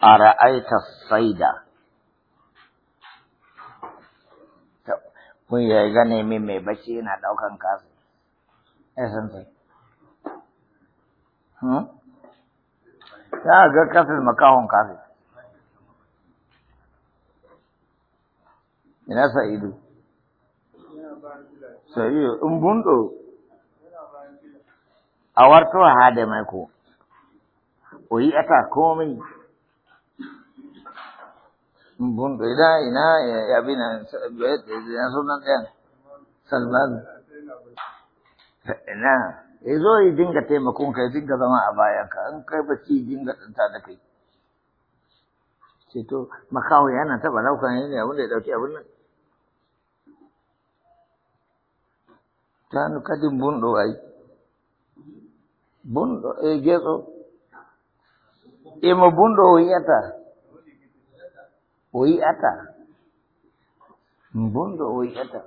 saida. الصيد kun yi gane min mai bacci yana daukan kasu ya san sai ta ga kasu makahon kasu ina sa'idu sa'idu in bundo a warto ha da maiko oyi ata komai Bombera y nada, ya vine, ya son antenas. Salman. Ina, ya zo ya dinga taimakon ka, ya dinga zama a bayan ka, in kai bacci dinga tsinta da kai. Ce to, makawo yana taɓa laukan ne abin da ya ɗauki abin nan. Ta kadin bundo ai. Bundo, eh, getso. Ima bundo yata. Oyi'ata, bunɗo oyi'ata,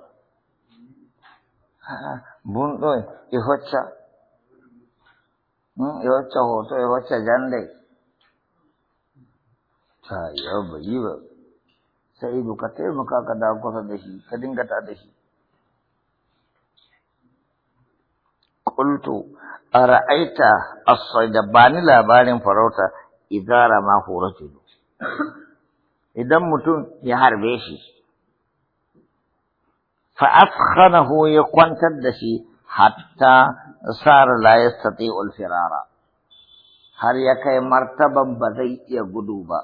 bunɗoe e hocca, e hmm, hocca hoto, e hocca jande. Kai, yau bai yi ba, Sa'idu ka taimaka ka dawo kusa da shi, ka dinga ta da shi. Kultu, a ra'aita, a bani labarin farauta, idara ma horatu. idan mutum ya harbe shi fa afkhanahu ya kwantar da shi hatta sar la yastati al firara har ya kai martaban ba zai iya gudu ba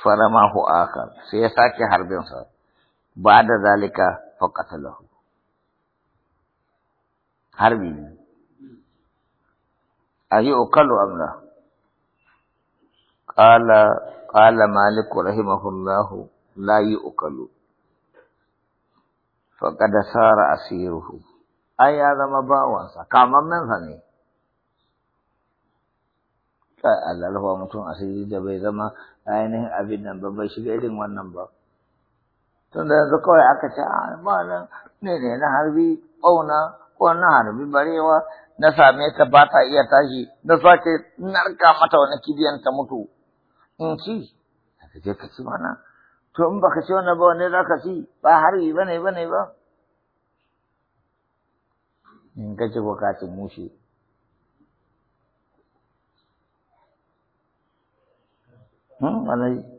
faramahu akar sai ya sake harbin sa ba da zalika fa qatalahu harbi yi okalu amla قال قال rahimahullahu رحمه الله لا يؤكل فقد صار أسيره أي هذا ما باوانسا sa ne. ثاني Allah rufa mutum asiri da bai zama ainihin abin nan ba bai shiga irin wannan ba. Tun da yanzu kawai aka ce a ah, ba ne ne na harbi ɓauna ko na harbi barewa na same ta ba ta iya tashi na sake narka mata wani kibiyan ta mutu. in ci ka je ka ci wannan to in baka ci wannan ba wanne za ka ci ba harbi ba ne ba ne ba in ka ci bukatun mushe hmm, eh. Alai.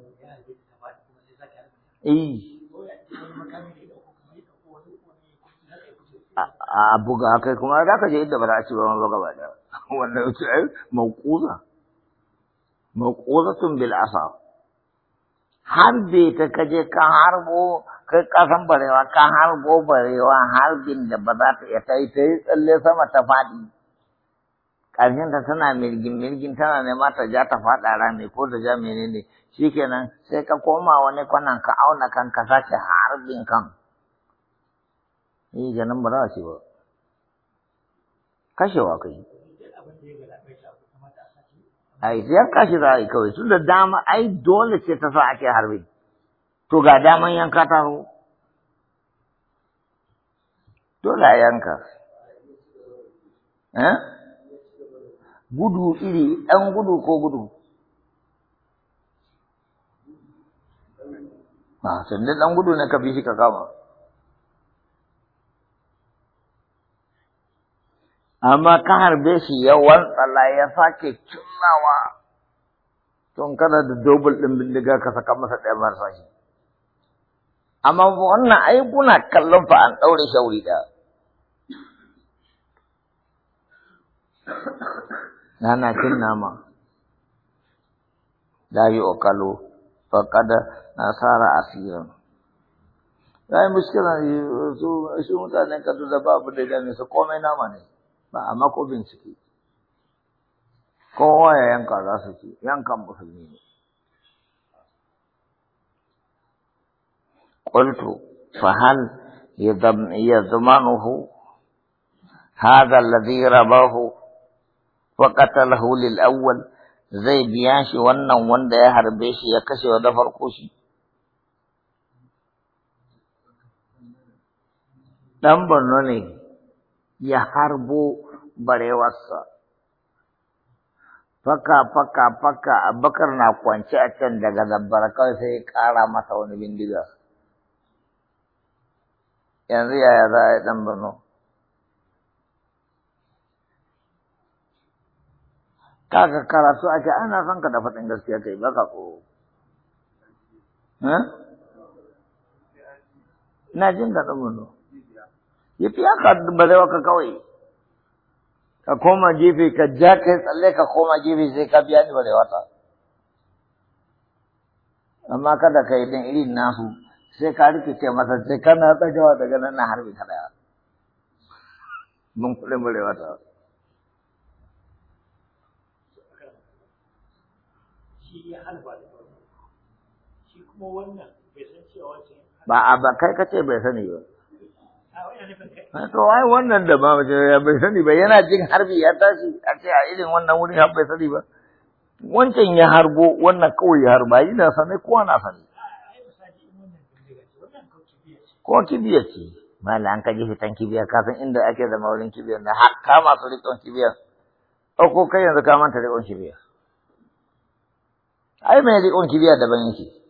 A buga kai kuma za ka je inda ba za a ci ba wani ba da wannan wuce ai mauƙuza. maƙuratun bil asa har bai ta kaje ka harbo kai kasan barewa ka harbo barewa harbin da ba za ta iya ta yi ta yi tsalle sama ta faɗi ta tana mirgin mirgin tana nema ta ja ta faɗa rami ko ta ja menene shikenan sai ka koma wani kwanan ka auna kan ka sace harbin kan yi ganin ba za ce ba kashewa kai ai yanka shi za a yi kawai tun da dama ai dole ce ta sa ake harbi to ga daman yanka ta ho dole a yanka eh? gudu iri ɗan gudu ko gudu a ah, sannan ɗan gudu na ka bi shi ka kama amma ka harbe shi ya wantsala ya sake cinnawa Tun kana da dobul ɗin bindiga ka saka masa ɗaya marasa shi amma wannan ai kuna kallon fa an ɗaure shauri ɗaya Nana cin nama la yu'kalu faqad nasara asiran Zai muskila su mutanen kadu da babu da ya su komai nama ne. ba قلت فهل يضمنه هذا الذي رباه وقتله للأول زي بياشي ونن وند يهر بيشي يكشي ودفر كوشي دم بنوني يهربو barewarsa. Faka faka faka abakar na kwance a can daga zabbar kawai sai ya ƙara masa wani bindiga. Yanzu yaya za a yi ɗan Borno? Kaka karatu ake ana son ka da faɗin gaskiya kai baka ko. Na jin daɗin Borno. Ya ka haka ba zai waka kawai. ka koma gefe ka ja kai tsalle ka koma gefe sai ka biya ni bare wata amma kada ka yi dan irin nasu sai ka rikice masa sai kana tsagawa daga nan na harbi ka daya mun kuɗin bare wata ba a ba kai kace bai sani ba To ai wannan da ba bai sani ba yana jin harbi ya tashi a ce a irin wannan wuri har bai sani ba. Wancan ya harbo wannan kawai ya harba yana sani kowa na sani. Ko kibiya ce. Mala an kaji fitan kibiya kafin inda ake zama wurin kibiyar na har ka masu riƙon kibiyar. Ko kai yanzu ka manta riƙon kibiyar. Ai mai rikon kibiya daban yake.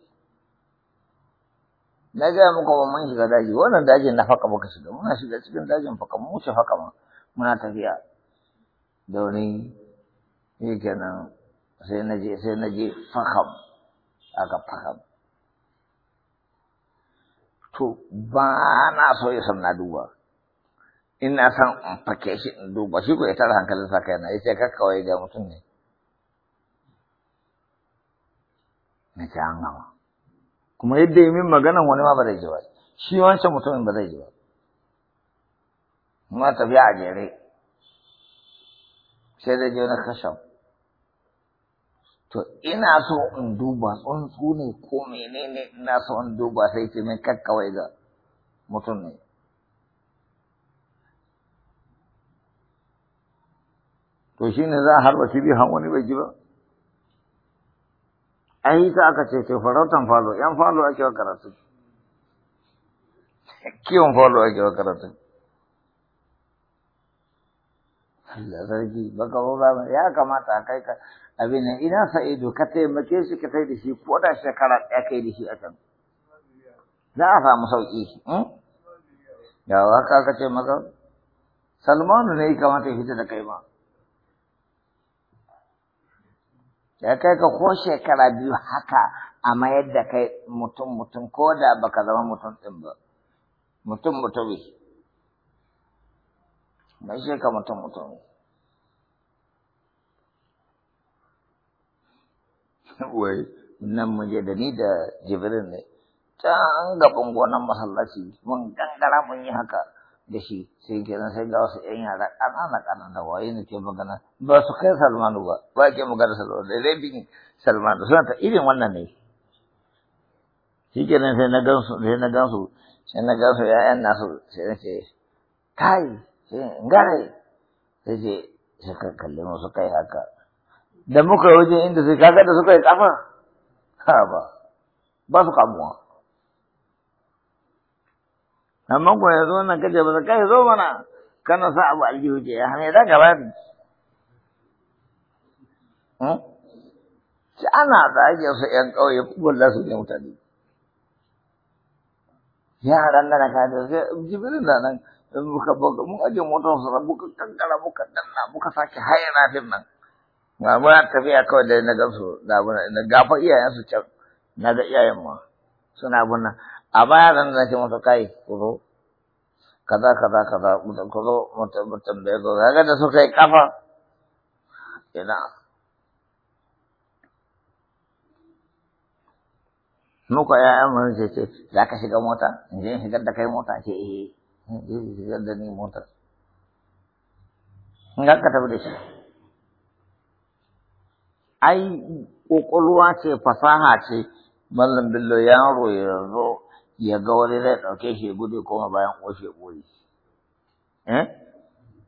na gaya muku ba mun shiga daji wannan dajin na faka muka shiga muna shiga cikin dajin faka mu wuce faka ma muna tafiya da wani shi kenan sai na je sai na je fakam aka fakam to ba na so ya san na duba ina san in fake shi in duba shi ko ya tara hankalin sa kaina yace ka kawai ga mutum ne na ci an gama kuma yadda yi min maganan wani ma ba zai ji ba shi wancan mutumin ba zai ji ba kuma tafiya a jere sai zai je na kashan to ina so in duba tsuntsu ne ko menene ina so in duba sai ce min kakkawai ga mutum ne to shi ne za a harba shi biyu wani bai ji ba ai ta aka ce ce farautan falo yan falo ake wa karatu kiyon falo ake wa karatu Allah sarki baka ba ya kamata kai ka abin nan ina sa'idu ka taimake shi ka kai da shi ko da shekara ɗaya kai da shi a can za a samu sauƙi hmm? yawa haka aka ce maka salmanu ne kamata ya fita da kai ma da kai ka ko shekara biyu haka a mayar da kai mutum mutum ko da baka zama mutum ɗin ba mutum mutumi mai shi ka mutum mutumi wai nan mu je da ni da jibirin ne can gaban gonan masallaci mun gangara mun yi haka da shi sai kenan sai ga wasu ƴan yara ƙanana ƙanana wa yi nake magana ba su kai salmanu ba ba ke magana salmanu da rabin salmanu suna ta irin wannan ne shi ke nan sai na gansu sai na gansu sai na gansu ƴaƴan nasu sai na ce kai sai in gare sai ce sai ka kalli musu kai haka da muka waje inda sai kaga da suka yi kafa ha ba ba su kamuwa amma ko ya zo na kaje ba kai zo mana kana sa abu aljihu ce ya hame da gaba eh ci ana zagin su yan ƙauye bulla su ne mutane yaran nan ka da jibirin da nan buka mun aje motar su rabu ka kankara muka danna buka sake hayana din nan ba muna tafiya kawai da na gamsu da na gafa iyayen su can na ga iyayen ma suna bunna a baya zan zaki masa kai ku zo kaza kaza kaza ku zo mutum bai ya zo zaga da suka yi kafa ina muka ya'yan mu ce ce za ka shiga mota in je shigar da kai mota ce eh in shigar da ni mota in ka tafi da shi ai ƙwaƙwalwa ce fasaha ce mallam billo yaro ya zo ya ga wani zai ɗauke shi gudu kuma bayan uwarshi ya ɓoye. Eh?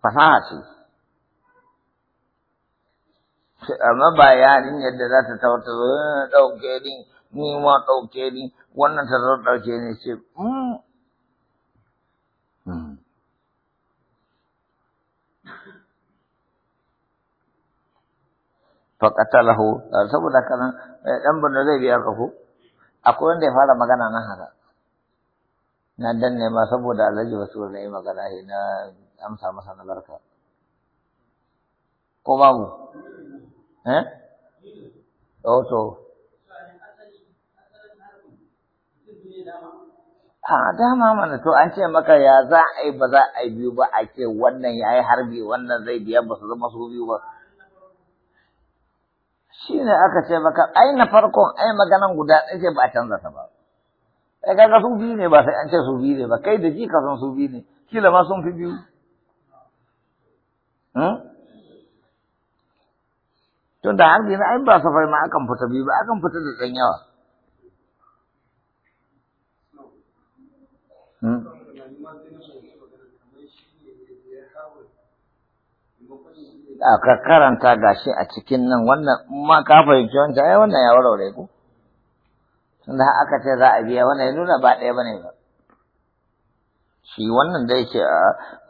Fasaha ce. Amma ba yarin yadda za ta tawata ta zo eh, ɗauke ni, ni ma ɗauke ni, wannan ta zo ɗauke ni ce, mm. hmm. lahu, saboda kanan eh, ɗan banda zai biya ka ko akwai wanda ya fara magana nan haka na danne ma saboda alhaji wasu na yi magana shi na amsa masa na barka ko babu eh oh, to a dama mana to an ce maka ya za a yi ba za a yi biyu ba a ce wannan ya yi harbi wannan zai biya ba su zama su biyu ba shi ne aka ce maka ai na farkon ai maganan guda ɗaya ce ba a canza ta ba sai eh, kaga su biyu ne ba sai an ce su biyu ne ba kai da ji ka san su biyu ne kila ma sun fi biyu hmm? tun da har na ai ba safai ma akan fita biyu ba akan fita da ɗan yawa hmm? a karanta gashi a cikin nan wannan ma ka fahimci wancan ai wannan ya warware ku tunda aka ce za a biya wannan ya nuna ba ɗaya bane ba shi wannan da yake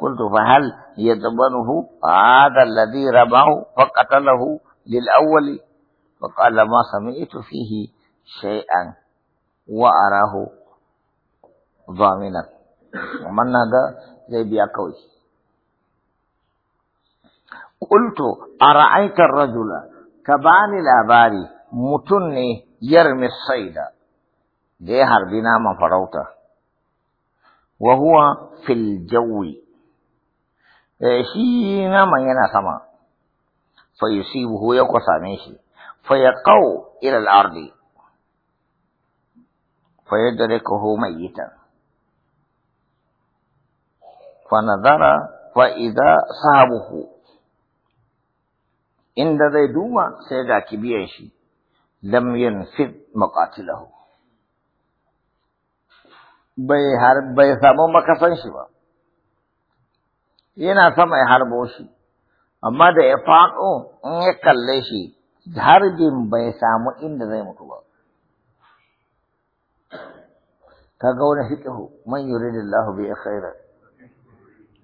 kuntu fa hal yadbanuhu hada alladhi rabahu fa qatalahu lil awwali fa qala ma sami'tu fihi shay'an wa arahu dhaminan wannan naga zai biya kawai قلت أرأيت الرجل rajula ka متني يرمي mutum da ya harbi naman farauta wa huwa fil jawi eh, shi naman yana sama fa yusibuhu ya kwasame shi fa ya ila al-ardi fa mai mayitan fa nazara fa idza sahabuhu inda zai duba sai ga kibiyan shi lam yanfid maqatilahu bai har bai samu makasan shi ba yana sama ya harbo shi amma da ya faɗo in ya kalle shi harbin bai samu inda zai mutu ba Ka ga wani fiqhu man bai khaira ya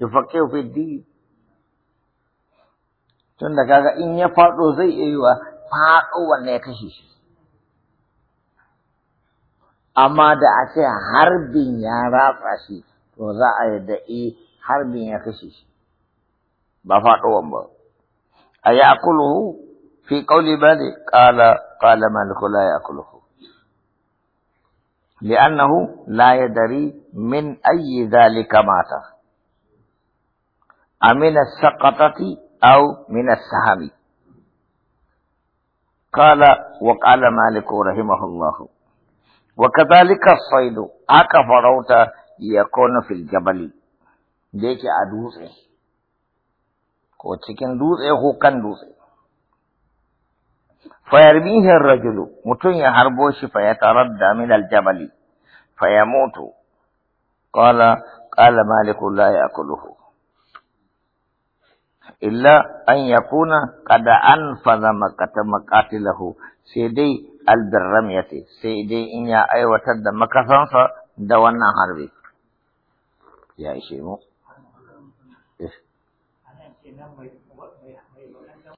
yufaqihu fi din tunda kaga in ya faɗo zai iya yiwa faɗo wanne ya kashe shi amma da a ce harbin ya ratsa shi to za a yi da e harbin ya kashe shi ba faɗowan ba a ya akuluhu fi ƙauli ba ne ƙala ƙala maliku la ya akuluhu li'annahu la ya dari min ayyi zalika mata amina saqatati aw min as-sahami qala wa qala maliku rahimahullahu wa kadhalika aka farauta ya fil jabali da yake a dutse ko cikin dutse ko kan dutse fayarbihi rajulu mutum ya harbo shi fayataradda min aljabali mutu qala kala maliku la yakuluhu illa an yakuna an faza maqata makatilahu sai dai aldirramiyati sai dai in ya aiwatar da makasansa da wannan harbi ya ishe mu